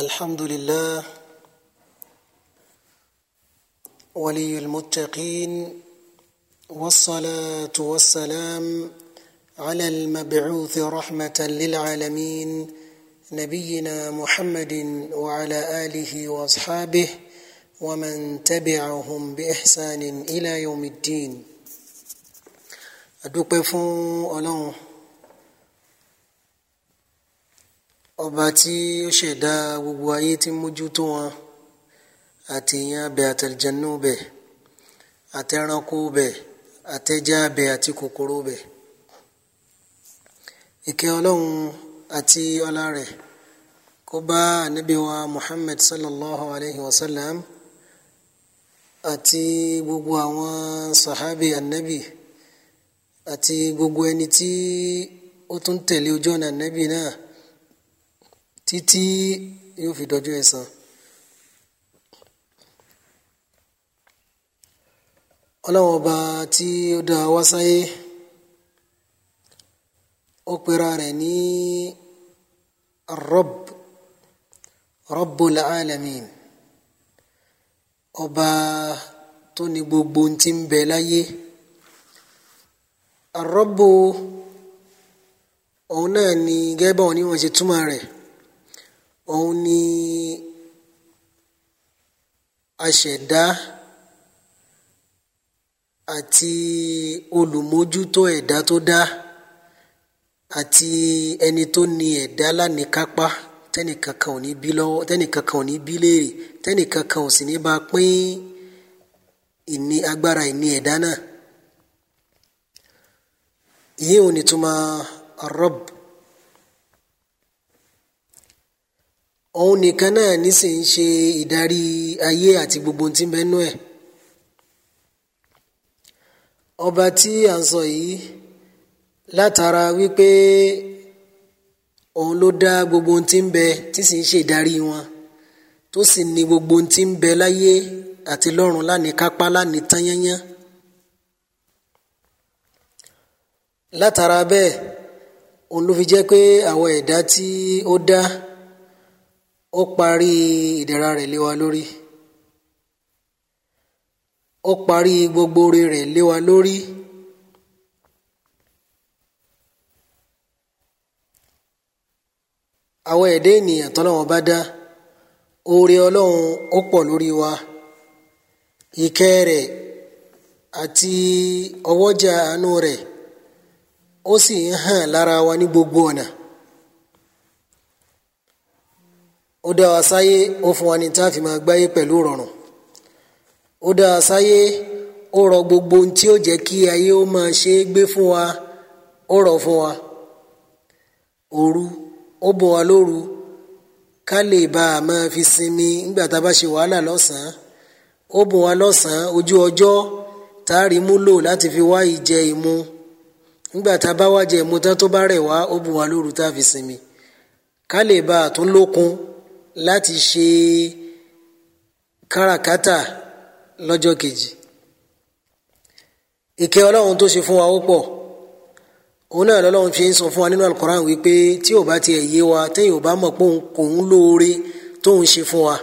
الحمد لله ولي المتقين والصلاة والسلام على المبعوث رحمة للعالمين نبينا محمد وعلى آله وأصحابه ومن تبعهم بإحسان إلى يوم الدين أدوك فون الله ọba tí ó ṣẹ̀dá gbogbo ayé tí mójútó wọn àti èèyàn abẹ àtẹlẹjẹnú bẹ àtẹranko bẹ àtẹjá bẹ àti kòkòrò bẹ ìkẹ́ ọlọ́run àti ọlá rẹ̀ kó bá ànábì wa Muhammad sallallahu alayhi wa sallam àti gbogbo àwọn sahabi ànábì àti gbogbo ẹni tí ó tún tẹ̀lé ojú ọ̀nà ànábì náà títí yóò fi dọjọ́ ẹ̀san. ọlọ́wọ́n ọba tí ó dá wá sáyé ó pera rẹ̀ ní rob Rabbul alamin ọba tó ní gbogbo ohun ń bẹ láyé arọ́bù òun náà ni gẹ́gẹ́ báwọn onímọ̀ ṣe túmọ̀ rẹ̀ òun ni aṣẹ̀dá àti olùmójútó ẹ̀dá tó dá àti ẹni tó ni ẹ̀dá lánìkápá tẹ́nìkankan ò ní bí lọ́wọ́ tẹ́nìkankan ò ní bí léèrè tẹ́nìkankan ò sì ní bá pín ìní agbára ìní ẹ̀dá náà ìyẹn ò ní túmọ̀ ar òun nìkan náà nísìn ń ṣe ìdarí ayé àti gbogbo ohun tí ń bẹ́nu ẹ̀ ọba tí à ń sọ yìí látara wípé òun ló dá gbogbo ohun tí ń bẹ tí sì ń ṣe ìdarí wọn tó sì ní gbogbo ohun tí ń bẹ láyé àti lọ́run lánìí kápá lánìí tányányán látara bẹ́ẹ̀ òun ló fi jẹ́ pé àwọn ẹ̀dá tí ó dá. ó parí ìdẹ̀ra rẹ̀ lé wa lórí ó parí gbogbo oore rẹ̀ lé wa lórí àwọn ẹ̀dá ènìyàn tọ́lọ́wọ́n bá dá oore ọlọ́run ó pọ̀ lórí wa ìkẹ́ rẹ̀ àti ọwọ́jà àánú rẹ̀ ó sì ń hàn lára wa ní gbogbo ọ̀nà. ó dá wa sáyé ó fún wa ní tá a fi máa gbáyé pẹ̀lú rọrùn ó dá wa sáyé ó rọ gbogbo ohun tí ó jẹ́ kí ayé ó máa ṣe é gbé fún wa ó rọ̀ fún wa òru ó bùn wa lóru ká lè bá a máa fi sinmi nígbà tá a bá ṣe wàhálà lọ́sàn-án ó bùn wa lọ́sàn-án ojú ọjọ́ tá a rí mú lò láti fi wá ìjẹ ìmu nígbà tá a bá wá jẹ ìmu tán tó bá rẹ̀ wá ó bùn wa lóru tá a fi sinmi ká lè bá a tún lókun láti ṣe káràkátà lọ́jọ́ kejì ìkẹ́ ọlọ́run tó ṣe fún wa ó pọ̀ òun náà lọ́lọ́run fi ń sọ fún wa nínú alukoran wípé tí ò bá tiẹ̀ yé wa téèyàn ò bá mọ̀ pé òun kò ń lóore tóun ṣe fún wa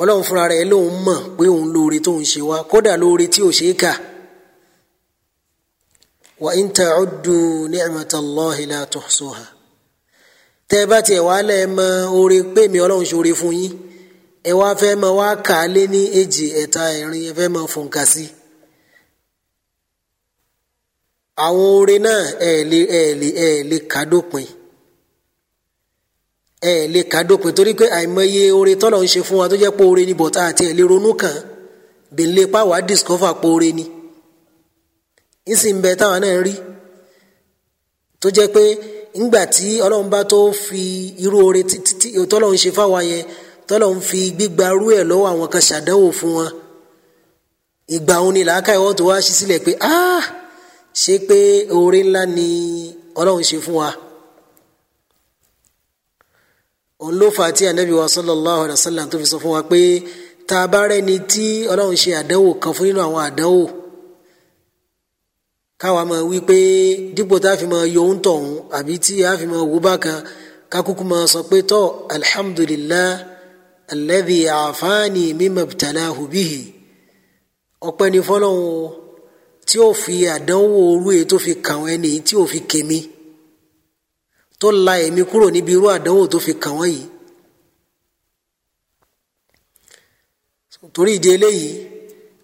ọlọ́run fúnra rẹ̀ lóun mọ̀ pé òun lóore tóun ṣe wa kódà lóore tí ò ṣeé kà wa in ta'uddu ni'matallahi la tuhsuha tẹ́ ẹ bá tiẹ̀ wá lẹ́ ẹ mọ oore pé mi ọlọ́run ṣoore fún yín ẹ wá fẹ́ mọ wá kà á lé ní èjì ẹ̀ta ẹ̀rin ẹ fẹ́ mọ fòǹkà sí i. àwọn oore náà ẹ lè ẹ lè ẹ lè kà dópin ẹ lè kà dópin torí pé àìmọye oore tọ́lọ̀ ń ṣe fún wa tó jẹ́ pé oore ni bọ̀tá àti ẹ̀ lè ronú kàn bèlè pàwọ́ discover pé oore ni ìsìn bẹ táwọn náà rí tó jẹ́ pé ńgbà tí ọlọ́run bá tó fi irú oore títí tọ́lọ́run ṣe fáwọn yẹn tọ́lọ́run fi gbígba ẹ̀ lọ́wọ́ àwọn kan ṣàdánwò fún wọn ìgbà òun ni làákà ìwọ́n tó wá ṣí sílẹ̀ pé ah ṣé pé oore ńlá ni ọlọ́run ṣe fún wa òun ló fà á tí anabi wa sallallahu alayhi wa sallam tó fi sọ fún wa pé tá a bá rẹ́ni tí ọlọ́run ṣe àdánwò kan fún nínú àwọn àdánwò káwa máa wí pé dípò tá a fi máa yọ ohun tọ̀hún àbí tí a fi máa wú bákan kákúkú máa sọ pé tọ́ alhamdulillah alladhi àfáàní mimma ibtalahu bihi ọpẹ́ ni fọlọ́hún o tí ó fi àdánwò orú èyí tó fi kàn wọ́n ẹni tí ó fi kèmí tó la èmi kúrò níbi irú àdánwò tó fi kàn wọ́n yìí torí ìdí eléyìí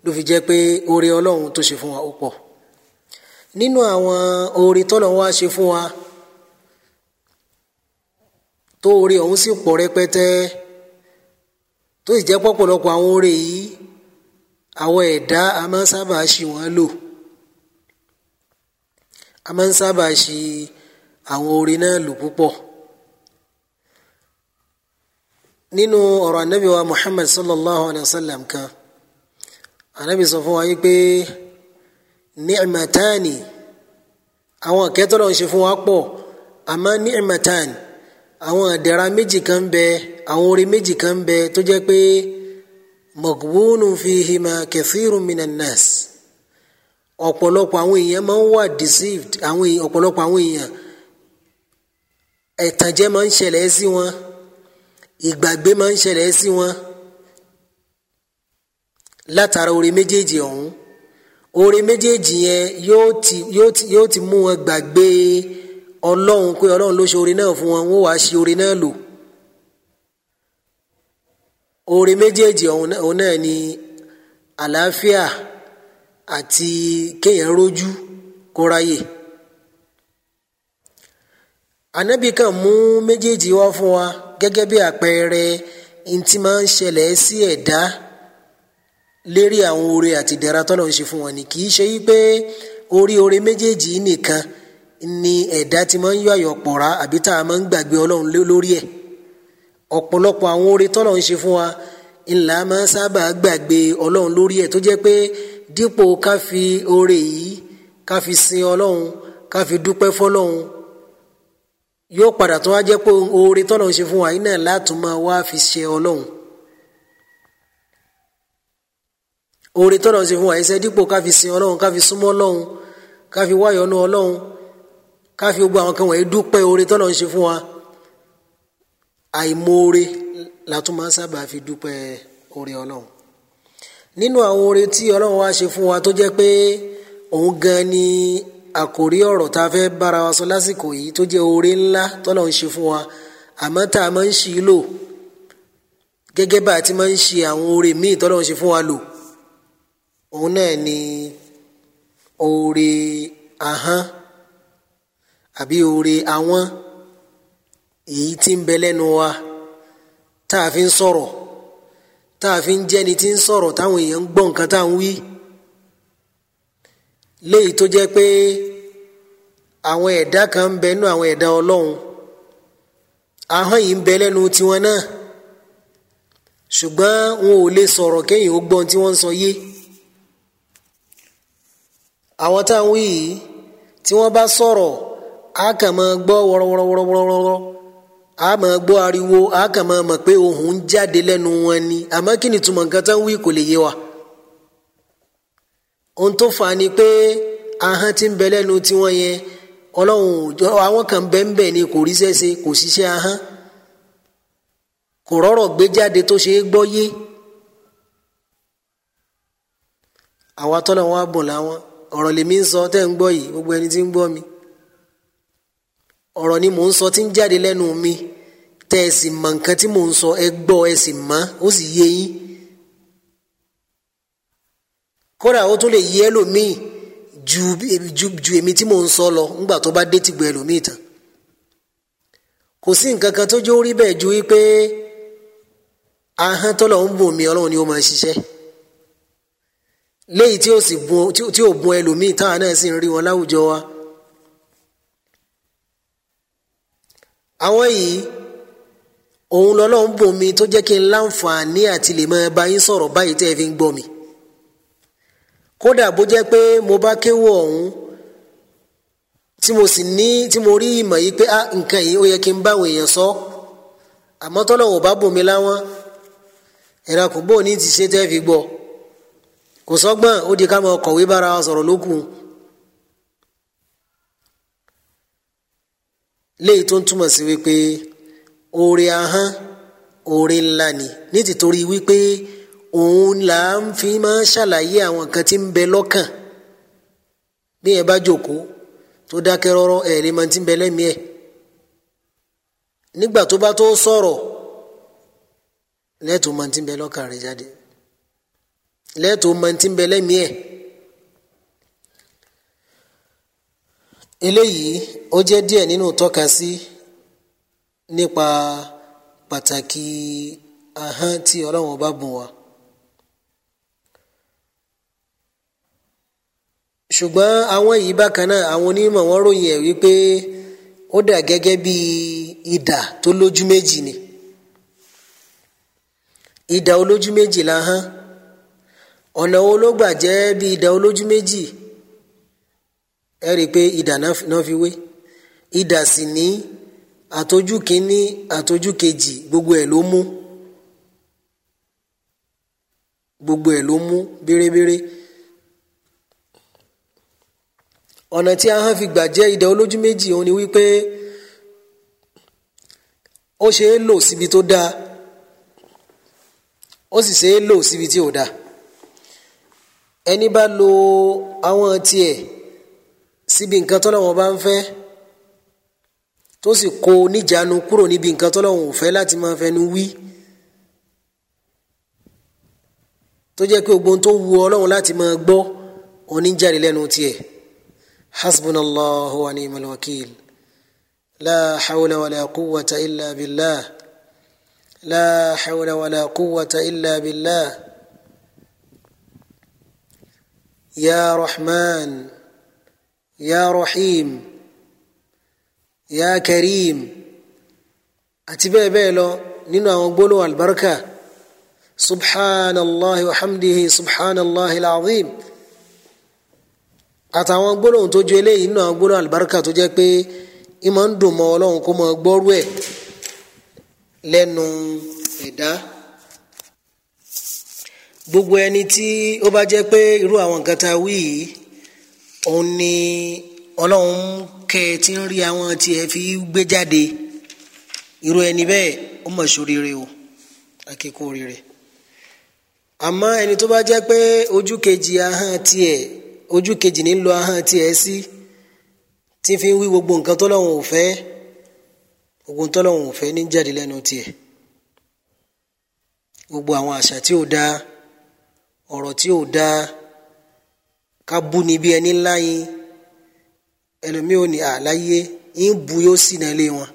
ló fi jẹ́ pé oore ọlọ́run tó ṣe fún wa ó pọ̀ nínú àwọn oore tọ́lọ̀ wá ṣe fún wa tó oore ọ̀hún sì pọ̀ rẹpẹtẹ tó sì jẹ́ pọ̀pọ̀lọpọ̀ àwọn oore yìí àwọn ẹ̀dá a máa ń sábà ṣì wọ́n lò a máa ń sábà ṣì àwọn oore náà lò púpọ̀ nínú ọ̀rọ̀ anábìwa Muhammad sallallahu alayhi wa sallam kan anábì sọ fún wa yìí pé ni'matani àwọn akẹ́tọ́lọ́ ń ṣe fún wa pọ̀ àmọ́ ni'matani àwọn àdẹ̀ra méjì kan bẹ àwọn orí méjì kan bẹ tó jẹ́ pé magbunu fihima kathiru minan nas ọ̀pọ̀lọpọ̀ àwọn èèyàn máa ń wà deceived àwọn èèyàn ọ̀pọ̀lọpọ̀ àwọn èèyàn ẹ̀tànjẹ máa ń ṣẹlẹ̀ sí wọn ìgbàgbé máa ń ṣẹlẹ̀ sí wọn látara orí méjèèjì ọ̀hún oore méjèèjì yẹn yóò ti yóò ti yóò ti mú wọn gbàgbé ọlọ́run pé ọlọ́run ló ṣe oore náà fún wọn wọn wàá ṣe oore náà lò oore méjèèjì ọ̀hún náà ni àlàáfíà àti kéèyàn rójú kó ráyè ànábì kan mú méjèèjì wá fún wa gẹ́gẹ́ bí àpẹẹrẹ ntí máa ń ṣẹlẹ̀ sí ẹ̀dá. E lérí àwọn oore àti ìdẹ̀ra tọ́lọ̀ ń ṣe fún wọn ni kì í ṣe wípé orí oore méjèèjì nìkan ni ẹ̀dá ti máa ń yọ àyọ̀ pọ̀ra àbí tá a máa ń gbàgbé ọlọ́run lórí ẹ̀ ọ̀pọ̀lọpọ̀ àwọn oore tọ́lọ̀ ń ṣe fún wa ńlá máa ń sábà gbàgbé ọlọ́run lórí ẹ̀ tó jẹ́ pé dípò ká fi oore yìí ká fi sin ọlọ́run ká fi dúpẹ́ fọlọ́run yóò padà tó wá jẹ́ pé oore tọ́lọ̀ ń ṣe fún wa iná látùmọ̀ wá fi ṣe ọlọ́run oore tọ́lọ̀ ń ṣe fún wa ẹsẹ̀ dípò ká fi sin ọlọ́run ká fi súnmọ́ ọlọ́run ká fi wá ìyọ́nú ọlọ́run ká fi gbogbo àwọn kan wọ̀nyí dúpẹ́ oore tọ́lọ̀ ń ṣe fún wa àìmoore la tún máa ń sábà fi dúpẹ́ oore ọlọ́run nínú àwọn oore tí ọlọ́run wá ṣe fún wa tó jẹ́ pé òun gan ni àkòrí ọ̀rọ̀ tá a fẹ́ bára wa sọ lásìkò yìí tó jẹ́ oore ńlá tọ́lọ̀ ń ṣe fún wa àmọ́ tá a máa ń ṣì lò gẹ́gẹ́ bá a ti máa ń ṣe àwọn oore míì tọ́lọ̀ ń ṣe fún wa lò òun náà ni oore ahọ́n àbí oore àwọn èyí tí ń bẹ lẹ́nu wa tá a fi ń sọ̀rọ̀ tá a fi ń jẹ́ni tí ń sọ̀rọ̀ táwọn èèyàn ń gbọ́ nǹkan tá à ń wí léyìí tó jẹ́ pé àwọn ẹ̀dá kan ń bẹ nínú àwọn ẹ̀dá Ọlọ́run ahọ́n yìí ń bẹ lẹ́nu tiwọn náà ṣùgbọ́n wọn ò lè sọ̀rọ̀ kéèyàn ó gbọ́ tí wọ́n ń sọ yé. So àwọn tá à ń wí yìí tí wọ́n bá sọ̀rọ̀ a kàn máa gbọ́ wọ́rọ́wọ́rọ́wọ́rọ́ a máa gbọ́ ariwo a kàn máa mọ̀ pé ohùn ń jáde lẹ́nu wọn ni àmọ́ kí ni túmọ̀ nǹkan tá à ń wí kò lè yé wa. ohun tó fà á ni pé ahọ́n ti ń bẹ lẹ́nu tiwọn yẹn ọlọ́run àwọn kan bẹ́ẹ̀ ni kò rí sẹ́sẹ́ kò ṣiṣẹ́ ahọ́n kò rọ́rọ̀ gbé jáde tó ṣe é gbọ́ yé àwa tọ́lọ̀ wọn á bùn láwọn. ọ̀rọ̀ lèmi ń sọ tẹ́ ń gbọ́ yìí gbogbo ẹni tí ń gbọ́ mi ọ̀rọ̀ ni mò ń sọ tí ń jáde lẹ́nu mi tẹ́ ẹ sì mọ nǹkan tí mò ń sọ ẹ gbọ́ ẹ sì mọ̀ ó sì yé yín kódà ó tún lè yé ẹlòmíì ju ju ju èmi tí mò ń sọ lọ tó bá dé ti ẹlòmíì tán kò sí nǹkan kan tó jó rí bẹ́ẹ̀ ju wípé ahọ́n tó léyìí tí ó sì bun tí ó bun ẹlòmíì táwọn náà sì ń rí wọn láwùjọ wa. àwọn yìí òun lọ́lọ́run bò mí tó jẹ́ kí n láǹfààní àti lè máa bá yín sọ̀rọ̀ báyìí tẹ́ ẹ fi ń gbọ́ mi. kódà bó jẹ́ pé mo bá kéwò ọ̀hún tí mo sì ní tí mo rí ìmọ̀ yìí pé ah, nǹkan yìí ó yẹ kí n bá èèyàn sọ àmọ́ tọ́lọ̀ ò bá bò láwọn ẹ̀rọ kò ní ti ṣe tẹ́ fi gbọ́ ọ kò sọ́gbọ́n ó di ká máa kọ̀wé bára sọ̀rọ̀ lókun léyìí tó ń túmọ̀ sí wípé oore ahọ́n oore ńlá ni ní tìtorí wípé òun là ń fi máa ṣàlàyé àwọn nǹkan tí ń bẹ lọ́kàn bí ẹ bá jòkó tó dákẹ́ rọ́rọ́ ẹ̀ lè máa ti ń bẹ lẹ́mìí ẹ̀ nígbà tó bá tó sọ̀rọ̀ lẹ́tọ̀ọ́ máa ti ń bẹ lọ́kàn rẹ̀ jáde lẹ́ẹ̀tọ́ mọ̀ntí ń bẹ lẹ́mìí ẹ̀ eléyìí ó jẹ́ díẹ̀ nínú tọ́ka sí nípa pàtàkì ahọ́n tí ọlọ́run bá bùn wa. ṣùgbọ́n àwọn yìí bákan náà àwọn onímọ̀ wọ́n ròyìn ẹ̀ wípé ó dà gẹ́gẹ́ bí idà tó lójú méjì ni idà olójú méjì la hán ọ̀nà wo ló gbà jẹ́ bí idà olójú méjì ẹ rí i pé idà náà fi wé idà sì ní àtọ́jú kínní àtọ́jú kejì gbogbo ẹ̀ ló mú gbogbo ẹ̀ ló mú bérebére ọ̀nà tí ahọ́n fi gbà jẹ́ idà olójú méjì òun ni wípé ó ṣe é lò síbi tó dáa ó sì ṣe é lò síbi tí ò dáa ẹni bá lo àwọn tiẹ̀ síbi nǹkan tọ́lọ́wọ́n bá ń fẹ́ tó sì kó níjàánu kúrò níbi nǹkan tọ́lọ́wọ́n ò fẹ́ láti máa fẹnu wí tó jẹ́ pé gbogbo tó wu ọlọ́run láti máa gbọ́ oníjàre lẹ́nu tiẹ̀ hasbunallahu wa ni'mal wakil la hawla wa la quwwata illa billah la hawla wa la quwwata illa billah. يا رحمن يا رحيم يا كريم أتبع بيلو نينو أقبلوا البركة سبحان الله وحمده سبحان الله العظيم àtàwọn gbólóhùn tó ju eléyìí nínú àwọn gbólóhùn àlùbáríkà tó jẹ́ pé ìmọ̀ ń dùn mọ́ ọlọ́run kó mọ́ gbọ́rú ẹ̀ lẹ́nu ẹ̀dá. E gbogbo ẹni tí ó bá jẹ́ pé irú àwọn nǹkan tá a wí yìí òun ni ọlọ́run kẹ́ ẹ ti ń rí àwọn tí ẹ fi gbé jáde irú ẹni bẹ́ẹ̀ ó mọ̀ sóríire o akẹ́kọ̀ọ́ rírẹ̀ àmọ́ ẹni tó bá jẹ́ pé ojú kejì ahọ́n tiẹ̀ ojú kejì ní ahọ́n tiẹ̀ sí tí fi ń wí gbogbo nǹkan tọ́lọ́run ò fẹ́ gbogbo nǹkan ò fẹ́ ní jáde lẹ́nu tiẹ̀ gbogbo àwọn àṣà tí ò dáa ọ̀rọ̀ tí ò da ká bú ni bí ẹni ńlá yín ẹlòmíì ò ní àláyé ń bu yóò sì náà lé wọn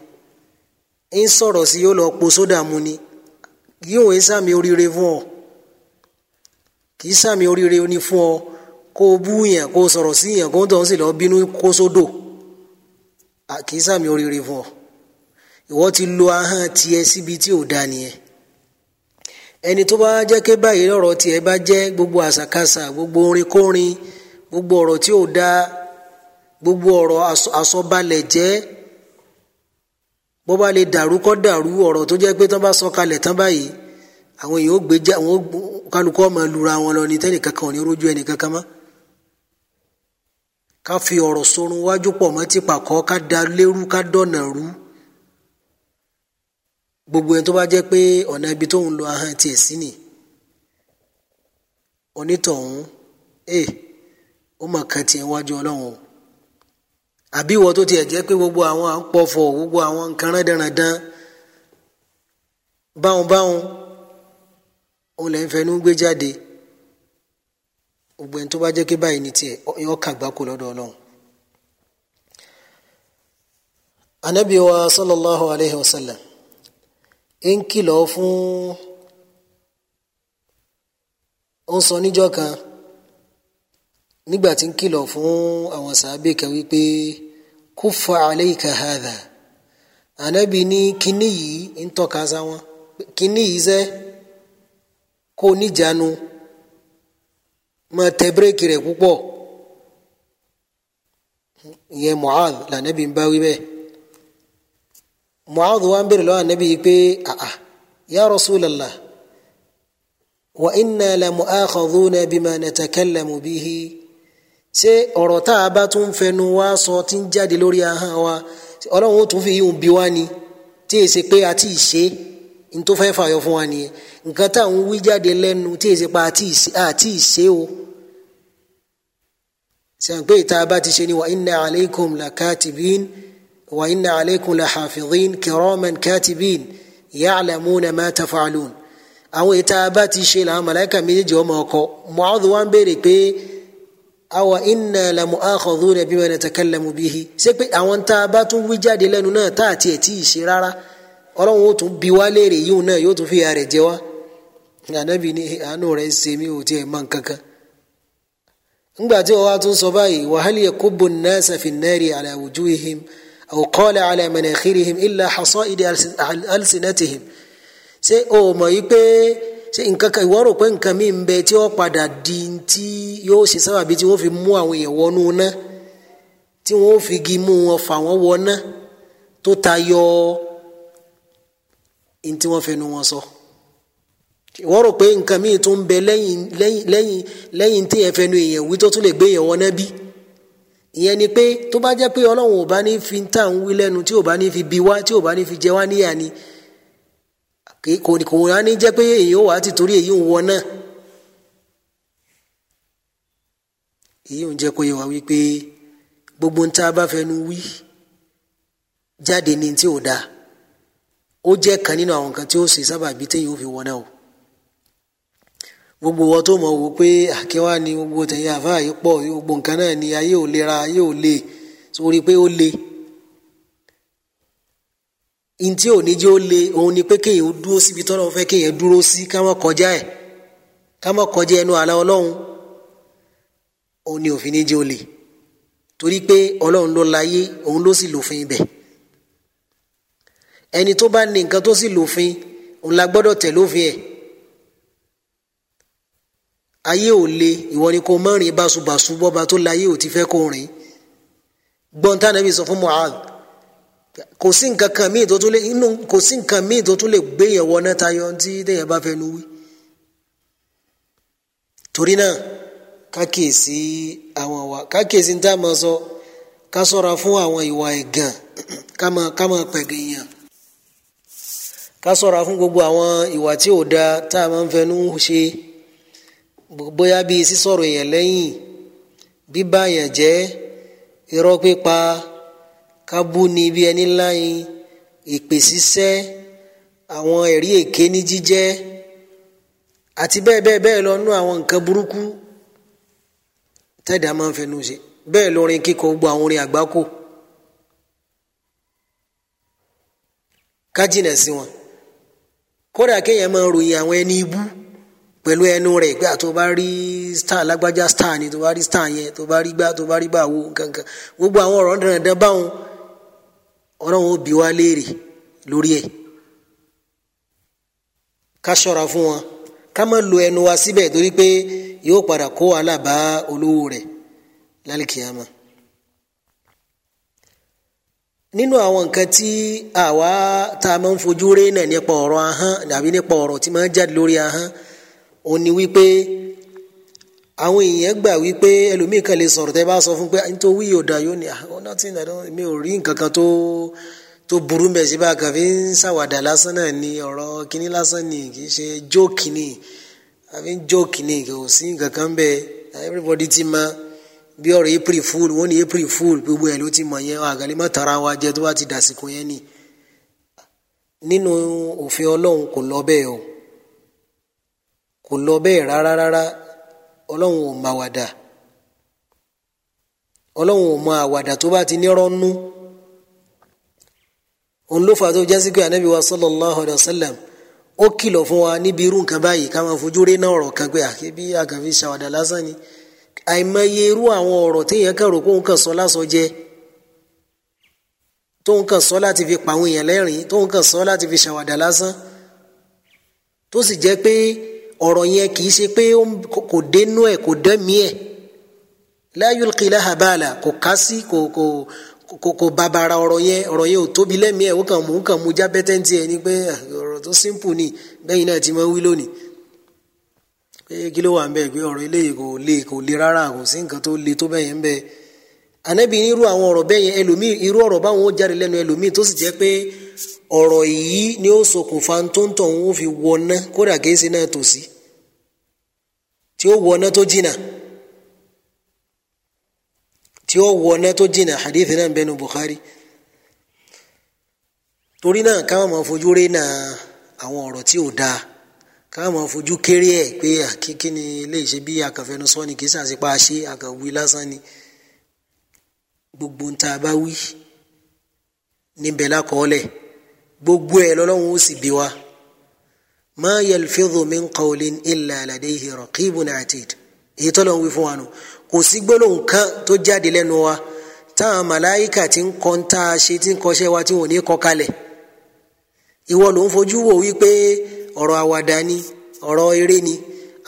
ń sọ̀rọ̀ sí yóò lọ po sódà mu ni yíwọ̀n ń sàmì oríire fún ọ kì sàmì oríire ni fún ọ kó o bú yẹn kó o sọ̀rọ̀ sí yẹn kó o tọ̀ ń sì lọ bínú kó sódò kì sàmì oríire fún ọ ìwọ ti lo ahọ́n tiẹ̀ síbi tí ò da nìyẹn ẹni tó bá jẹ́ pé báyìí ọ̀rọ̀ tiẹ̀ bá jẹ́ gbogbo àṣàkáṣà gbogbo orinkórin gbogbo ọ̀rọ̀ tí ò dáa gbogbo ọ̀rọ̀ àsọbalẹ̀ jẹ́ bó bá lè dàrú kó dàrú ọ̀rọ̀ tó jẹ́ pé tán bá sọ kalẹ̀ tán báyìí àwọn èèyàn ó gbé já àwọn kálukú ọmọ lura wọn lọ ní tẹ́nìkankan ò ní rójú ẹnìkankan mọ́ ká fi ọ̀rọ̀ sorun wájú pọ̀ mọ́ tìpàkọ́ ká da lérú ká dọ̀nà rú. gbogbo ẹni tó bá jẹ́ pé ọ̀nà ibi tó ń lo ahọ́n tiẹ̀ sí ni onítọ̀hún ẹ̀ eh, ó mọ̀ kan tiẹ̀ wájú ọlọ́run àbí ìwọ tó tiẹ̀ jẹ́ pé gbogbo àwọn à gbogbo àwọn nǹkan rẹ́dẹ̀rẹ̀dán báwọn báwọn òun lè ń fẹnu gbé jáde gbogbo ẹni tó bá báyìí ni tiẹ̀ yọ lọ́dọ̀ ọlọ́run. ń kìlọ̀ fún ó ń sọ níjọ́ kan nígbà tí ń kìlọ̀ fún àwọn sàábẹ̀ kan wípé fa alayka hadha ànábì ní kinní yìí ń tọ́ka sáwọn kinní yìí sẹ́ kó níjànú máa tẹ bírèkì rẹ̀ púpọ̀ ìyẹn Mu'adh lànàbì ń bá wí bẹ́ẹ̀. mu'adh wa ń bèrè lọ́wọ́ anabi yìí pé àà ya rasulallah wa inna la mu'akhadhuna bima natakallamu bihi ṣé ọ̀rọ̀ tá a bá tún fẹnu wá sọ tí ń jáde lórí ahọ́n wa ọlọ́run ó tún fi yíyún bí wá ni tí èyí ṣe pé a ti ṣe n tó fẹ́ fàyọ fún wa nìyẹn nǹkan tá à ń wí jáde lẹ́nu tí èyí ṣe pé a ti ṣe o ṣe à ń pè tá a bá ti ṣe ni wa inna alaykum lakatibin. وإن عليكم لحافظين كراما كاتبين يعلمون ما تفعلون àwọn ètò abá ti ṣe làwọn màláìka méjèèjì ọmọ ọkọ Mu'adh wa ń béèrè pé awa inna la mu'akhadhuna bima natakallamu bihi ṣé pé àwọn tá a bá tún wí jáde lẹ́nu náà tá àti ẹ̀ tí ṣe rárá ọlọ́run ó tún bi wá léèrè yíwọn náà yóò tún fi ara rẹ̀ jẹ wá ànábì ní àánú rẹ̀ ń ṣe mí ò tiẹ̀ mọ̀ nǹkan kan. ńgbà tí wọ́n wá tún sọ báyìí أو قال على مناخرهم إلا حصائد ألسنتهم ṣé o mọ̀ yí pé ṣé nǹkan kan ìwọ́rò pé nǹkan mi ń bẹ tí ó padà di tí yóò ṣe sábàbí tí wọ́n fi mú àwọn èèyàn wọnú ná tí wọ́n fi igi mú wọn fà wọ́n wọná tó tayọ ní tí wọ́n fẹnu wọn sọ ìwọ́rò pé nǹkan mi tún ń bẹ lẹ́yìn lẹ́yìn lẹ́yìn lẹ́yìn tí yẹn fẹnu èèyàn wí tó tún lè gbé èèyàn wọná bí ìyẹn ni pé tó bá jẹ́ pé ọlọ́run ò bá ní fi tà ń wí lẹ́nu tí ò bá ní fi bi wá tí ò bá ní fi jẹ wá níyà ni kò kò wá ní jẹ́ pé èyí ò wá ti torí èyí ń wọ náà èyí ń jẹ́ kó yẹ wá wípé gbogbo ń tá a bá fẹnu wí jáde ní tí ò dáa ó jẹ́ kan nínú àwọn nǹkan tí ó sì sábà téèyàn ò fi wọ náà o gbogbo wọn tó mọ̀ wò pé àkíwá ni gbogbo tẹ̀yìn àfa yìí pọ̀ gbogbo nǹkan náà ni ayé ò lera ayé ò le sórí pé ó le ntí ò ní jẹ́ ó le òun ni pé kéèyàn ó dúró síbi tọ́lọ́ fẹ́ kéèyàn dúró sí ká má kọjá ẹ̀ ká má kọjá ẹnu àlá ọlọ́run òun ni òfin ní jẹ́ ó le torí pé ọlọ́run ló láyé òun ló sì lòfin ibẹ̀ ẹni tó bá ní nǹkan tó sì lòfin òun la gbọ́dọ̀ tẹ̀ lófin ẹ̀ ayé ò le ìwọ ni kò mọ rìn báṣubàṣu bọba tó láyé ò ti fẹ́ kó rìn gbọ́n tá nàbí sọ fún Mu'adh kò sí nǹkan kan míì tó tún lè inú kò sí nǹkan míì tó tún lè gbé yẹn wọná tayọ tí téèyàn bá fẹ́ nu torí náà kákèsí àwọn wa kákèsí ní tá a máa sọ ká ṣọ́ra fún àwọn ìwà ẹ̀gàn ká máa ká yàn ká ṣọ́ra fún gbogbo àwọn ìwà tí ò dáa tá a máa ń fẹnu ṣe bóyá bíi sísọ̀rọ̀ èèyàn lẹ́yìn bíbá èèyàn jẹ́ irọ́ pípa kábúni bí ẹni láyìn ìpè sísẹ́ àwọn ẹ̀rí èké ní jíjẹ́ àti bẹ́ẹ̀ bẹ́ẹ̀ bẹ́ẹ̀ lọ nú àwọn nǹkan burúkú tẹ́ẹ̀dá máa ń fẹnu ṣe bẹ́ẹ̀ lórin kíkọ gbogbo àwọn orin àgbákò ká sí wọn kódà kéèyàn máa ròyìn àwọn ẹni ibú pẹ̀lú ẹnu rẹ̀ pé àtọ́ bá rí star lágbájá star ni tó bá rí star yẹn tó bá rí gbá tó bá rí gbà wo kankan gbogbo àwọn ọ̀rọ̀ dandan báwọn ọ̀rọ̀ wọn bí wá léèrè lórí ẹ̀ ká ṣọ́ra fún wọn ká má lo ẹnu wa síbẹ̀ torí pé yóò padà kó wàhálà bá olówó rẹ̀ lálìkìyàmá nínú àwọn nǹkan tí àwa tá a máa ń fojú rí náà nípa ọ̀rọ̀ ahọ́n àbí nípa ọ̀rọ̀ tí máa ń jáde lórí ahọ́n òun ni wípé àwọn èèyàn gbà wípé ẹlòmíì kan lè sọ̀rọ̀ tẹ́ bá sọ fún pé nítorí wíyì ọ̀dà yóò ní àwọn ah, nothing I mi ò rí nǹkan kan tó burú mbẹ̀ sí bá kàn fi ń ṣàwàdà lásán náà ni ọ̀rọ̀ kínní lásán ni kì í ṣe jóòkì ni àfi ń jóòkì ni kò sí nǹkan kan bẹ́ẹ̀ everybody ti mọ bí ọ̀rọ̀ april fool wọ́n ní april fool gbogbo ẹ̀ ló ti mọ̀ yẹn àgàlẹ́ mọ́ tara wa jẹ tó bá ti dàsìkò yẹn ni nínú òfin ọlọ́run kò lọ bẹ́ẹ̀ o kò lọ bẹ́ẹ̀ rárá rárá ọlọ́run ò mà wàdà ọlọ́run ò mọ àwàdà tó bá ti nírọ́nú òun ló fà tó jásí pé ànábì wa sallallahu alayhi wa sallam ó kìlọ̀ fún wa níbi irú nǹkan báyìí ká máa fojú rí náà ọ̀rọ̀ kan pé àkébí àkànfi ṣàwàdà lásán ni àìmọye irú àwọn ọ̀rọ̀ téèyàn kàn rò pé òun kàn sọ lásọ jẹ tóun kàn sọ láti fi pa àwọn èèyàn lẹ́rìn-ín tóun kàn sọ láti fi ṣàwàdà lásán tó sì jẹ́ pé ọ̀rọ̀ yẹn kì í ṣe pé kò dénú ẹ̀ kò dẹ́mi ẹ̀ la yulqi kò ká sí kò kò bàbàrà ọ̀rọ̀ yẹn ọ̀rọ̀ yẹn ò tóbi lẹ́mìí ẹ̀ kàn mú kàn mú jábẹ́tẹ́ntì ẹ̀ ni pé ah, ọ̀rọ̀ tó simple ni bẹ́yìn náà ti máa wí lónìí pé kí ló wà ń bẹ̀ pé ọ̀rọ̀ eléyìí kò le kò le rárá kò sí nǹkan tó le tó ń bẹ irú àwọn ọ̀rọ̀ bẹ́yẹn ẹlòmíì irú ọ̀rọ̀ báwọn ó jáde lẹ́nu ẹlòmíì ọ̀rọ̀ yìí ni ó ṣokùnfà tóńtọ̀ ń fi wọná kódà kéésì náà tòsí tí ó wọná tó jìnà tí ó wọná tó jìnà hadith náà bẹnu Bukhari torí náà káwọn máa fojú rí náà àwọn ọ̀rọ̀ tí ò dáa káwọn máa fojú kéré ẹ̀ pé àkíkí ni lè bí akànfẹnusọ ni kì sàṣípa ṣe àkànwí lásán ni gbogbo ń wí níbẹ̀ lákọọ́lẹ̀ gbogbo ẹ̀ lọ́lọ́run ó sì bí wa ma yalfidhu min qawlin illa ladayhi raqibun atid èyí tó lọ́n wí fún wa nù kò sí gbólóhùn kan tó jáde lẹ́nu wa táwọn màláìkà ti ń kọ́ ń tá a ṣe ti ń kọ́ṣẹ́ wa tí wọn ò ní kọ́ kalẹ̀ ìwọ ló ń fojú wò wípé ọ̀rọ̀ àwàdà ni ọ̀rọ̀ eré ni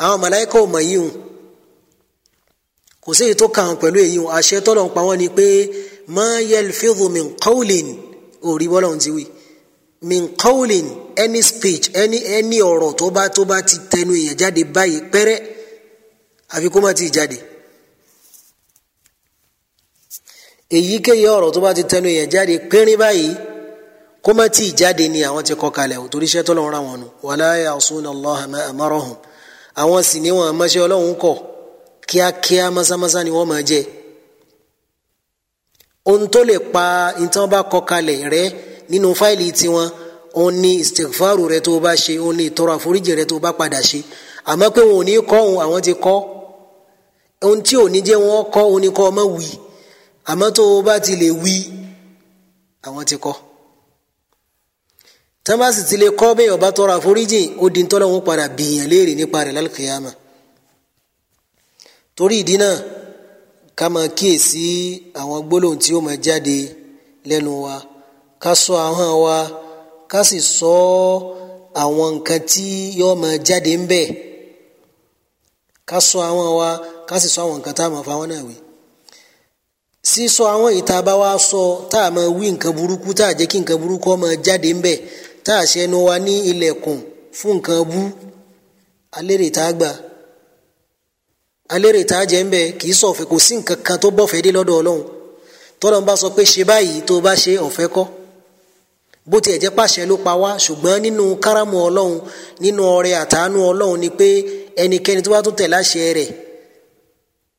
àwọn màláìkà ò mọ̀ yìí hùn kò sí èyí tó kàn pẹ̀lú èyí hùn àṣẹ tọ́lọ̀ ń pa wọ́n ni pé ma yalfidhu min qawlin òrí bọ́lọ̀ ń ti wí min qawlin any speech any any ọ̀rọ̀ tó bá tó bá ti tẹnu èèyàn jáde báyìí pẹ́rẹ́ àfi kó má ti jáde èyíkéyìí ọ̀rọ̀ tó bá ti tẹnu èèyàn jáde pínrín báyìí kó má ti jáde ni àwọn ti kọ kalẹ̀ ò torí iṣẹ́ tọ́lọ́run ra wọn nu wala ya'suna Allaha ma amarahum àwọn sì ní wọn àmọ́ṣẹ́ ọlọ́run kọ̀ kíákíá másámásá ni wọ́n máa jẹ ohun tó lè pa ìtàn bá kọ kalẹ̀ rẹ́ nínú fáìlì tiwọn òun ni istighfaru rẹ tó bá ṣe òun ni ìtọrọ àforíjì rẹ tó bá padà ṣe àmọ́ pé wọn ò ní kọ́ òun àwọn ti kọ́ ohun tí ò ní jẹ́ wọ́n kọ́ òun ni kọ́ ọmọ wí àmọ́ tó o bá ti lè wí àwọn ti kọ́ tán bá sì ti lè kọ́ bẹ́ẹ̀ ọba tọrọ àforíjì ó di tọ́lọ́ wọn padà bìyàn léèrè nípa rẹ̀ lálùkìyàmà torí ìdí náà ká máa kíyèsí àwọn gbólóhùn tí ó máa jáde lẹ́nu wa ká ṣọ́ ahọ́n wa ká sì ṣọ́ àwọn nǹkan tí yóò máa jáde ń bẹ̀ ká ṣọ́ ahọ́n wa ká sì ṣọ́ àwọn nǹkan tá a máa fa wọn náà wí sísọ àwọn ìta bá wa sọ tá a máa wí nǹkan burúkú tá a jẹ́ kí nǹkan burúkú ó máa jáde ń bẹ̀ tá a ṣẹnu wa ní ilẹ̀kùn fún nǹkan bú alérè tá a gbà alérè tá a jẹ́ ń bẹ̀ kì í sọ ọ̀fẹ́ kò sí nǹkan kan tó bọ́fẹ́ dé lọ́dọ̀ ọlọ́run tọ́lọ́n bá sọ pé ṣe báyìí tó bá ṣe ọ̀fẹ́ kọ́ bó tiẹ̀ jẹ́ pàṣẹ ló pa wá ṣùgbọ́n nínú káràmù ọlọ́run nínú ọrẹ àtàánú ọlọ́run ni pé ẹnikẹ́ni tó bá tún tẹ̀lé àṣẹ rẹ̀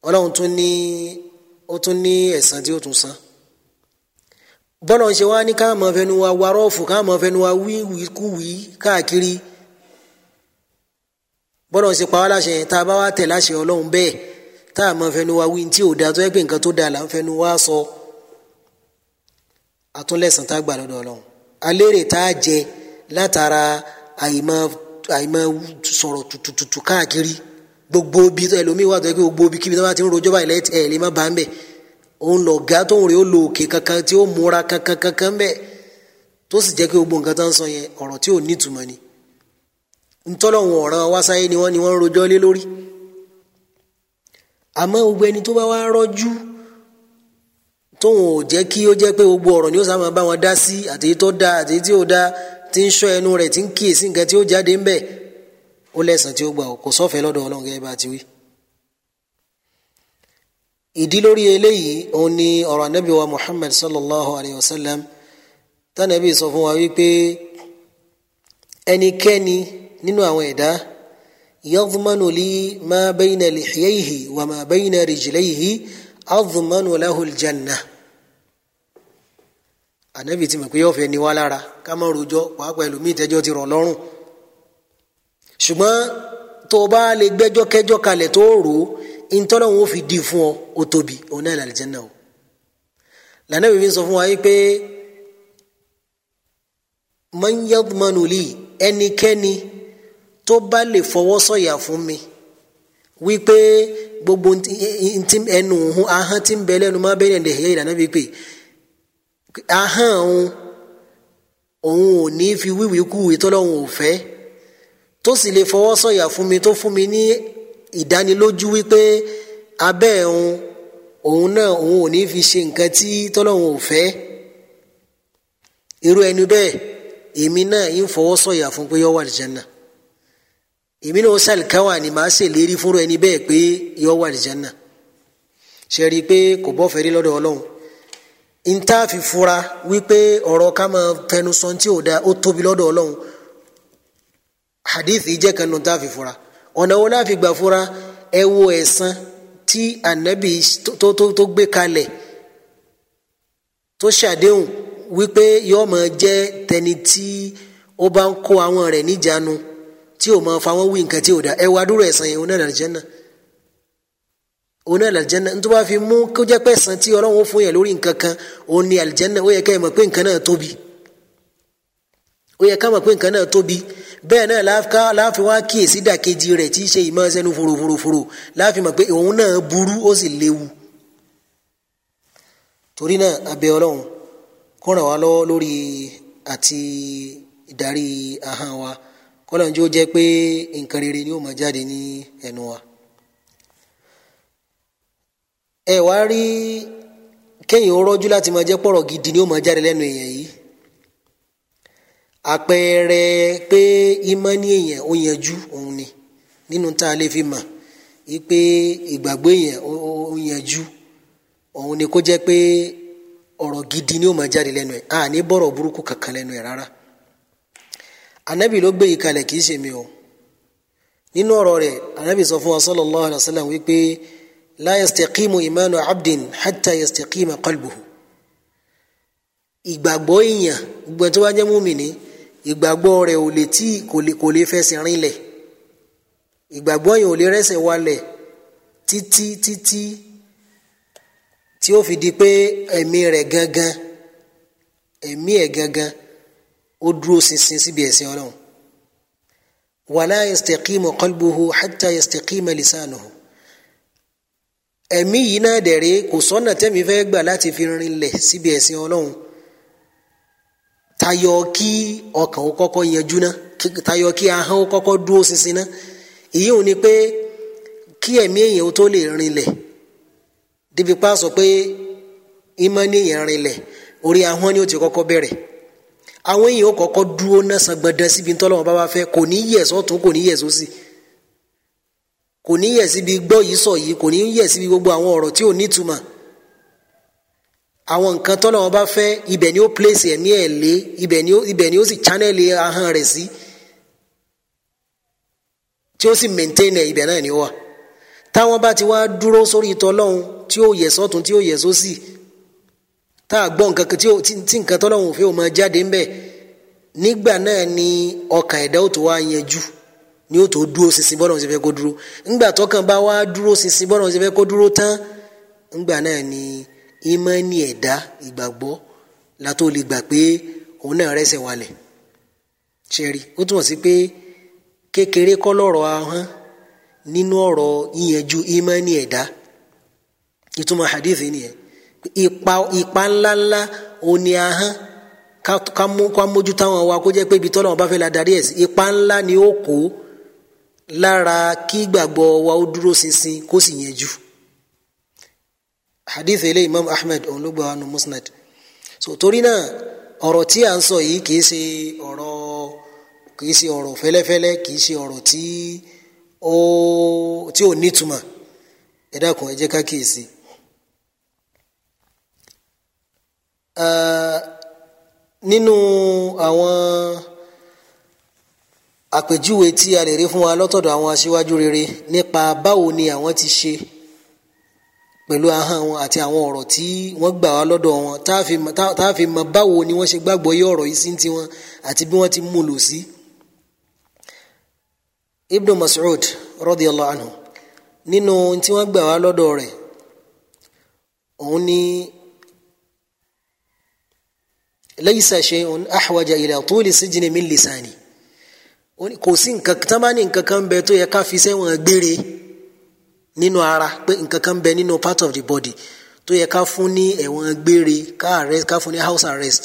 ọlọ́run tún ní ó tún ní ẹ̀san tí ó tún san bọ́lá ń ṣe wá ní káàmọ́ fẹnu wa warọ́ọ̀fù káàmọ́ fẹnu wa wíwìkúwì káàkiri bọ́lá ń ṣe pa wá láṣẹ tá a bá wá tẹ̀lé àṣẹ ọlọ́run bẹ́ẹ̀ tá a mọ̀ fẹnu wa wí tí ò da tó yẹ pé nǹkan tó da là ń fẹnu wa sọ àtúnlẹ̀sán tá a gbà lọ́dọ̀ ọlọ́run alérè tá a jẹ látara àìmọ̀ àìmọ̀ sọ̀rọ̀ tututu káàkiri gbogbo ibi ẹlòmíì wà tó yẹ kí gbogbo ibi kíbi tó bá ti ń rojọ́ báyìí lẹ́yìn ẹ̀ lè má bá ń bẹ̀ òun lọ ga tóun rè ó lo òkè kankan tí ó múra kankan kankan ń tó sì jẹ́ kí gbogbo nǹkan tó ń sọ yẹn ọ̀rọ̀ tí ò ní ìtumọ̀ ni ntọ́lọ́hún ọ̀ràn wáṣáyé ni wọ́n ni wọ́n ń rojọ́ lé lórí àmọ́ gbogbo ẹni tó bá wá rọ́jú tóun ò jẹ́ kí ó jẹ́ pé gbogbo ọ̀rọ̀ ni ó sábà bá wọn dá sí àtèyí tó dáa àtèyí tí ò dáa tí ń sọ ẹnu rẹ̀ tí ń kíyèsí nǹkan tí ó jáde ńbẹ̀ ó lẹ́sàn tí ó gbà kò sọ́fẹ̀ẹ́ lọ́dọ̀ ọlọ́run gẹ́gẹ́ bá ti wí. ìdí lórí eléyìí òun ni ọ̀rọ̀ anábì wa Muhammad sallallahu alayhi wa sallam tánàbí sọ fún wa wípé ẹnikẹ́ni nínú àwọn ẹ̀dá yadhmanu li ma bayna lihiyaihi wa ma bayna rijlaihi adhmanu lahul jannah ànábì ti mọ̀ pé yóò fẹ́ ni wá lára ká má rojọ́ pàápàá ẹlòmíì tẹ́jọ́ ti rọ̀ lọ́rùn ṣùgbọ́n tó o bá lè gbẹ́jọ́ kẹ́jọ́ kalẹ̀ tó o rò ó ìtọ́nà wọn ò fi di fún ọ ó tóbi òun náà làlẹ́ jẹ́nà o lànàbì mi sọ fún wa yìí pé man ẹnikẹ́ni tó bá lè fọwọ́ sọ̀yà fún mi wípé gbogbo ẹnu ahọ́n tí ń bẹ lẹ́nu má bẹ́ẹ̀ ahọ́n òun òun ò ní fi wíwí kú ìtọ́lọ́hún ò fẹ́ tó sì lè fọwọ́ sọ̀yà fún mi tó fún mi ní ìdánilójú wípé abẹ́ òun òun náà òun ò ní fi ṣe nǹkan tí tọ́lọ́hún ò irú ẹni bẹ́ẹ̀ èmi náà ń fọwọ́ sọ̀yà fún pé yóò wà èmi náà ṣàlìkáwà ni màá ṣèlérí fúnra ẹni bẹ́ẹ̀ pé yóò wà àlìjánà ṣe rí i pé kò bọ́ fẹ́rí lọ́dọ̀ ọlọ́run nta fi fura wípé ọ̀rọ̀ ká máa fẹnu sọ tí ò da ó tóbi lọ́dọ̀ ọlọ́run hadith jẹ́ kan nta fi fura ọ̀nà wo láfi gbà fura ẹ wo ẹ̀san tí ànábì tó tó tó gbé kalẹ̀ tó ṣàdéhùn wípé yóò máa jẹ́ tẹni tí ó bá ń kó àwọn rẹ̀ níjàánu tí ò máa fa wọn wí nǹkan tí ò da ẹ wá dúró ẹ̀san yẹn ó náà dàjẹ́ náà òun náà làlìjẹ́nà ní tó bá fi mú kó jẹ́ pẹ́ san tí ọlọ́run ó fún yẹn lórí nǹkan kan òun ni àlìjẹ́nà ó yẹ ká mọ̀ pé nǹkan náà tóbi ó yẹ ká mọ̀ pé nǹkan náà tóbi bẹ́ẹ̀ náà láàfin wá kíyèsí dàkejì rẹ̀ tí í ṣe ìmọ̀ ẹsẹ̀ nu mọ̀ pé òun náà burú ó sì léwu torí náà abẹ ọlọ́run kó ràn wá lórí àti ìdarí ahọ́n wa kọ́lọ́njó jẹ́ pé nǹkan rere ni ó máa jáde ní ẹnu wa. ẹ wá rí kéèyàn rọjú láti máa jẹ́ pọ̀rọ̀ gidi ni ó máa jáde lẹ́nu èèyàn yìí àpẹẹrẹ pé ìmánì èèyàn ó yanjú òun ni nínú tá a lè fi mọ̀ wípé ìgbàgbọ́ èèyàn ó yanjú òun ni kó jẹ́ pé ọ̀rọ̀ gidi ni ó máa jáde lẹ́nu ẹ̀ ní bọ̀rọ̀ burúkú kankan lẹ́nu ẹ̀ rárá anabi ló gbé ìkalẹ̀ kì í ṣe mi o nínú ọ̀rọ̀ rẹ̀ anabi sọ fún wa sallallahu alayhi wa wípé. لا يستقيم إيمان عبد حتى يستقيم قلبه ìgbàgbọ́ èèyàn gbogbo tó bá jẹ́ múmìnì ìgbàgbọ́ rẹ̀ ò lè tí kò lè fẹsẹ̀ rinlẹ̀ ìgbàgbọ́ yẹn ò lè rẹ́sẹ̀ walẹ̀ títí títí tí ó fi di pé ẹ̀mí rẹ̀ gangan ẹ̀mí ẹ̀ gangan ó dúró ṣinṣin síbi ẹ̀sìn ọlọ́run wala yastaqimu qalbuhu hatta yastaqimu lisanuhu ẹ̀mí yìí náà dẹ̀rẹ́ kò sọ́nà tẹ́mi fẹ́ gbà láti fi rinlẹ̀ síbi ẹ̀sìn ọlọ́run tayọ kí ọkàn ó kọ́kọ́ yanjú ná tayọ kí ahọ́n ó kọ́kọ́ dúró ṣinṣin ná èyí ò ní pé kí ẹ̀mí èèyàn ó tó lè rinlẹ̀ débi pa sọ pé ìmánì èèyàn rinlẹ̀ orí ahọ́n ni ó ti kọ́kọ́ bẹ̀rẹ̀ àwọn èèyàn ó kọ́kọ́ dúró ná sangbọ̀ndàn síbi tọ́lọ́wọ́n bá wá fẹ́ kò ní yẹ̀ sọ́tún kò ní yẹ̀ sósì. So kò ní yẹ̀ síbi gbọ́ yìí sọ yìí kò ní yẹ̀ síbi gbogbo àwọn ọ̀rọ̀ tí ò nítumọ̀ àwọn nǹkan tọ́lọ̀ wọn bá fẹ́ ibẹ̀ ni ó place ẹ̀mí ẹ̀ lé ibẹ̀ ni ó ibẹ̀ ni ó sì channel ahọ́n rẹ̀ sí tí ó sì maintain ẹ̀ ibẹ̀ náà ni ó wà táwọn bá ti wá dúró sórí tọ́lọ́hun tí ó yẹ̀ sọ́tún tí ó yẹ̀ sósì tá a gbọ́ nǹkan tí tí nǹkan tọ́lọ́hun òfin ò máa jáde ńbẹ̀ nígbà náà ni ọkàn ẹ̀dá ò tó wá yanjú. ni o tó dúró ṣinṣin bọ́lá òun ṣe fẹ́ kó dúró ńgbà tọkàn bá wá dúró ṣinṣin bọ́lá ni ìmánì ẹ̀dá ìgbàgbọ́ látó lè gbà pé òun náà rẹ́sẹ̀ walẹ̀ ṣẹ́rí ó túmọ̀ sí pé kékeré kọ́ lọ́rọ̀ ahọ́n nínú ọ̀rọ̀ yíyanjú ìmánì ẹ̀dá ìtumọ̀ hadith nìyẹn ipa ipa ńláńlá òní ahọ́n ká mójú táwọn wa ibi tọ́lọ́wọ́n bá fẹ́ la darí ẹ̀ sí ni ó kó o lára kí gbàgbọ́ wa ó dúró ṣinṣin kó sì yanjú hadith ilé imam ahmed òun ló gba wa nu musnad so torí náà ọ̀rọ̀ tí a ń sọ yìí kì í ṣe ọ̀rọ̀ kì í ṣe ọ̀rọ̀ fẹ́lẹ́fẹ́lẹ́ kì í ṣe ọ̀rọ̀ tí ó tí ò nítumọ̀ ẹ dákun ẹ jẹ́ ká kíyèsí. nínú àwọn. Uh, àpèjúwe tí a lè rí fún wa lọ́tọ̀dọ̀ àwọn aṣíwájú rere nípa báwo ni àwọn ti ṣe pẹ̀lú ahọ́n wọn àti àwọn ọ̀rọ̀ tí wọ́n gbà wá lọ́dọ̀ wọn tá a fi mọ báwo ni wọ́n ṣe gbàgbọ́ yí ọ̀rọ̀ yìí sí ti wọn àti bí wọ́n ti mú lò sí. Ibn Mas'ud radiyallahu anhu nínú tí wọ́n gbà wá lọ́dọ̀ rẹ̀ òun ni laysa shay'un ahwaja ila tuli sijni min lisani kò sí nǹkan tán bá ní nǹkan kan bẹ tó yẹ ká fi sẹ́wọ̀n gbére nínú ara pé nǹkan kan bẹ nínú part of the body tó yẹ ká fún ní ẹ̀wọ̀n gbére ká arrest ká fún ní house arrest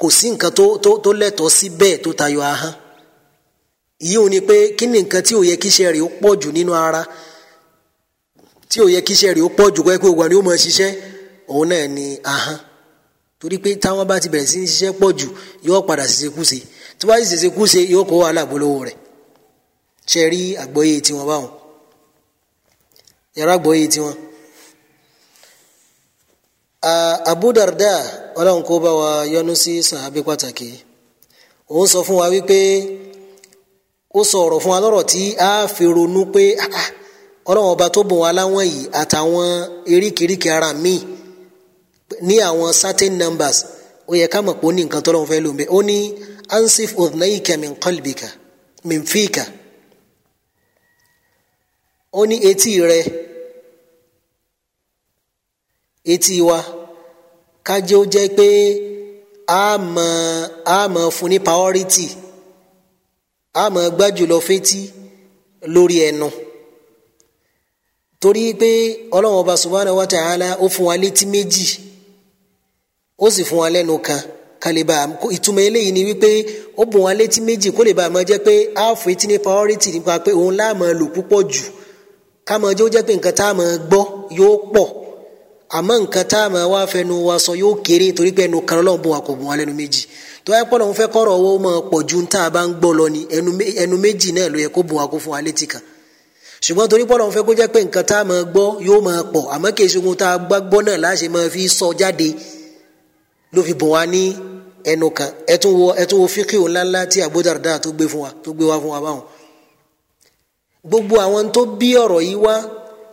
kò sí nǹkan tó tó tó lẹ́tọ̀ọ́ sí bẹ́ẹ̀ tó tayọ ahọ́n yìí ò ní pé kí ni nǹkan tí ò yẹ kí iṣẹ́ rẹ̀ ó pọ̀ jù nínú ara tí ò yẹ kí iṣẹ́ rẹ̀ ó pọ̀ jù pé gbogbo ni ó máa ṣiṣẹ́ òun náà ni ahọ́n torí pé táwọn bá ti bẹ̀rẹ̀ sí ní ṣiṣẹ́ pọ̀ jù yóò padà ṣiṣẹ́ kúṣe tí wàá ṣèṣe kú ṣe yóò kó wàhálà bolówó rẹ̀ ṣe rí àgbọ́yé tiwọn báwọn yàrá àgbọ́yé tiwọn. Abu Darda ọlọ́run kó bá wa yọ́nú sí sàábí pàtàkì òun sọ fún wa wípé ó sọ ọ̀rọ̀ fún wa lọ́rọ̀ tí a fi ronú pé ọlọ́run ọba tó bùn wa láwọn yìí àtàwọn eríkìíríkìí ara míì ní àwọn certain numbers ó yẹ ká mọ̀ pé ó ní nǹkan tọ́lọ́run fẹ́ lò ó ní. أنصف أذنيك من قلبك من فيك ó ní etí rẹ etí wa kájẹ́ ó jẹ́ pé a máa a máa fún ní priority a máa gbájú lọ fetí lórí ẹnu torí pé ọlọ́run ọba subhanahu wa ta'ala ó fún wa létí méjì ó sì fún wa lẹ́nu kan. No kálíbà ìtumọ̀ eléyìí ni wípé ó bùn wá létí méjì kó lè bá a máa jẹ́ pé áàfù etí ní priority nípa pé òun láà máa lò púpọ̀ jù ká máa jẹ́ ó jẹ́ pé nǹkan tá a máa gbọ́ yóò pọ̀ àmọ́ nǹkan tá a máa wá fẹnu wa sọ yóò kéré torí pé ẹnu kan lọ́wọ́ bó wa kò bùn wa lẹ́nu méjì tó yẹ pọ́n lọ́wọ́ fẹ́ kọ́rọ̀ owó máa pọ̀ ju tá a bá ń gbọ́ lọ ni ẹnu méjì náà ló yẹ kó bùn wa kó fún wa létí kan ṣùgbọ́n torí pọ́n lọ́wọ́ fẹ́ kó jẹ́ pé nǹkan tá a máa gbọ́ yóò máa pọ̀ àmọ́ kì í ṣe ohun tá a gbọ́ náà láṣẹ máa fi sọ jáde ló fi bùn wa ní ẹnu kan ẹtún wo ẹtún wo fíkì ò ńláńlá tí àbúdàrdà tó gbé fún wa tó gbé wá fún wa báwọn. gbogbo àwọn tó bí ọ̀rọ̀ yìí wá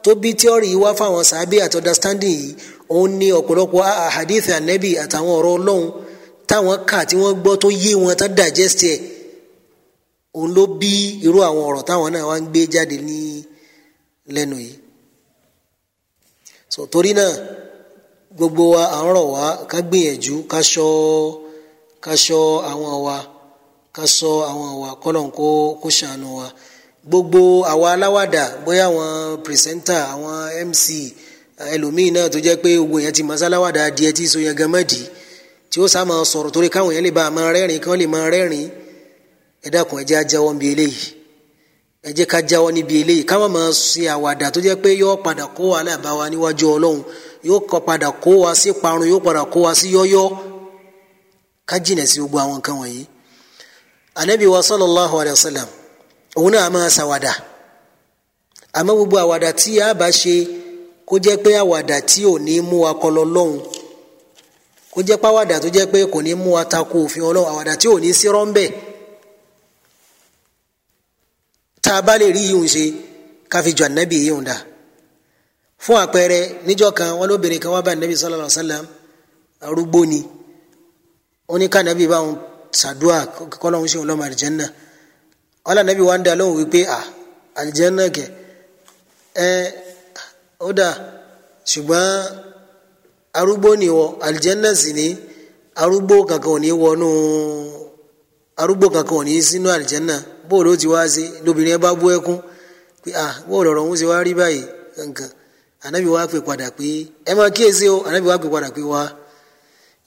tó bí tíọ́rì yìí wá fáwọn sàábì àti understanding yìí òun ni ọ̀pọ̀lọpọ̀ àhàdíìsì ànẹ́bì àtàwọn ọ̀rọ̀ ọlọ́run táwọn kà tí wọ́n gbọ́ tó yé wọn tá digest ẹ̀ òun ló bí irú àwọn ọ̀rọ̀ táwọn náà wá ń gbé jáde ní lẹ́nu yìí. so torí náà gbogbo wa à ń rọ̀ wá ká gbìyànjú ká ṣọ́ọ́ ká ṣọ́ àwọn wa ká ṣọ́ àwọn wa kọ́lọ̀n kó kó ṣàánú wa gbogbo àwa aláwàdà bóyá àwọn pìrìsẹ́ńtà àwọn mc ẹlòmíì náà tó jẹ́ pé owó yẹn ti mọ̀sáláwàdà díẹ̀ tí so yẹn gẹ́mẹ́dì tí ó sáà máa sọ̀rọ̀ torí káwọn yẹn lè bá a máa rẹ́rìn kí wọ́n lè máa rẹ́rìn ẹ dákun ẹ jẹ́ á jáwọ́ níbi eléyìí ẹ jẹ́ ká jáwọ́ níbi eléyìí káwọn máa ṣe àwàdà tó jẹ́ pé yóò padà kó wa láàbá wa níwájú ọlọ́run yóò padà kó wa sí parun yóò padà kó wa sí yọ́yọ́ ká jìnà sí gbogbo àwọn nǹkan wọ̀nyí anabi wa sallallahu alayhi wa sallam òun náà máa ṣàwàdà àmọ́ gbogbo àwàdà tí a bá ṣe kó jẹ́ pé àwàdà tí ò ní mú wa kọ lọ lọ́hùn kó jẹ́ pé àwàdà tó jẹ́ pé kò ní mú wa tako òfin ọlọ́hùn àwàdà tí ò ní sí rọ́ńbẹ́ tá a bá lè rí yìí ṣe ká fi jọ ànábì yìí dà fún àpẹẹrẹ níjọ́ kan wọn lóbìnrin kan wá bá ànábì sallallahu alayhi wa sallam arúgbó ni ó ní kànábì bá òun ṣàdúà kọ́lọ́hún ṣe òun lọ́mọ àlìjẹ́nà ọ̀là nàbì wá ń dá lóhùn wípé à àlìjẹ́nà kẹ ẹ ó dà ṣùgbọ́n arúgbó ni wọ àlìjẹ́nà sì ni arúgbó kankan ò ní wọnú arúgbó kankan ò ní sínú àlìjẹ́nà bóòlù ó ti wá sí lóbìnrin ẹ bá bú ẹkún pé à bóòlù ọ̀rọ̀ òun ṣe wá rí báyìí nǹkan ànábì wá pè padà pé ẹ máa kíyèsí o ànábì wá pè padà pé wá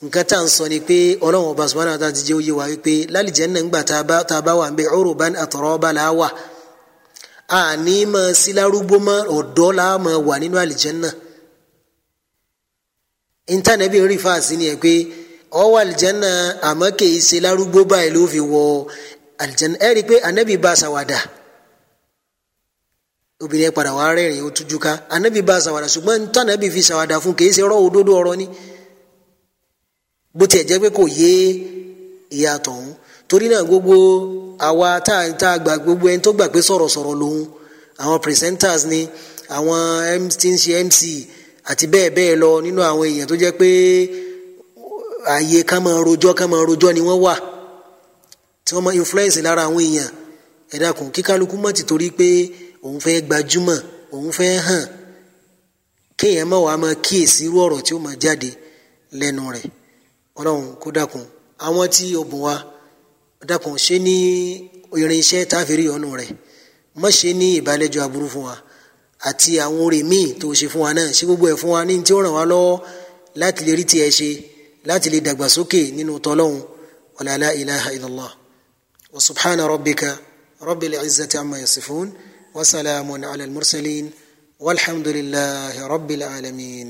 nǹkan tá à ń sọ ni pé ọlọ́run ọba subhanahu wa ta'ala ti jẹ́ òye wa wípé lálìjẹ́nà ńgbà tá a bá wà ń bẹ uruban atraba la wà a ní mọ sí lárúgbó mọ ọ̀dọ́ la mọ wà nínú àlìjẹ́nà intanẹ́bí rí fáàsì ni ẹ pé ọ wà àlìjẹ́nà àmọ́ kìí ṣe lárúgbó báyìí ló fi wọ àlìjẹ́nà ẹ rí i pé anẹ́bí bá a ṣàwàdà obìnrin padà wà rẹ́rìn-ín ó tújú ká anẹ́bí bá a ṣàwàdà ṣùgbọ́n intanẹ́bí fi ṣàwàdà fún kìí ṣe rọ́ òdodo ọ̀rọ̀ ni bó tiẹ̀ jẹ́ pé kò yé ìyá tọ̀hún torí náà gbogbo àwa tá a gbà gbogbo ẹni tó gbà pé sọ̀rọ̀sọ̀rọ̀ lòun àwọn presenters ni àwọn tí ń ṣe mc àti bẹ́ẹ̀ bẹ́ẹ̀ lọ nínú àwọn èèyàn tó jẹ́ pé ààyè ká máa rojọ́ ká máa rojọ́ ni wọ́n wà tí wọ́n máa influence lára àwọn èèyàn ẹ dákun kí kálukú mọ̀ ti torí pé òun fẹ́ gbajúmọ̀ òun fẹ́ hàn kéèyàn máa wà máa kíyèsí irú ọ̀rọ̀ tí ó máa jáde lẹ́nu rẹ̀ ọlọ́run kó dákun àwọn tí o bùn wa dákun ṣe ní irinṣẹ́ tá a fi rí ọ̀nù rẹ̀ má ṣe ní ìbálẹ́jọ́ aburú fún wa àti àwọn oore míì tó ṣe fún wa náà ṣe gbogbo ẹ̀ fún wa ní tí ó ràn wá lọ́wọ́ láti lè rí tiẹ̀ ṣe láti lè dàgbàsókè nínú tọ́lọ́hun wala ilaha illallah wa subhana rabbika rabbil izzati amma yasifun wa salamun ala al-mursalin walhamdulillahi rabbil alamin.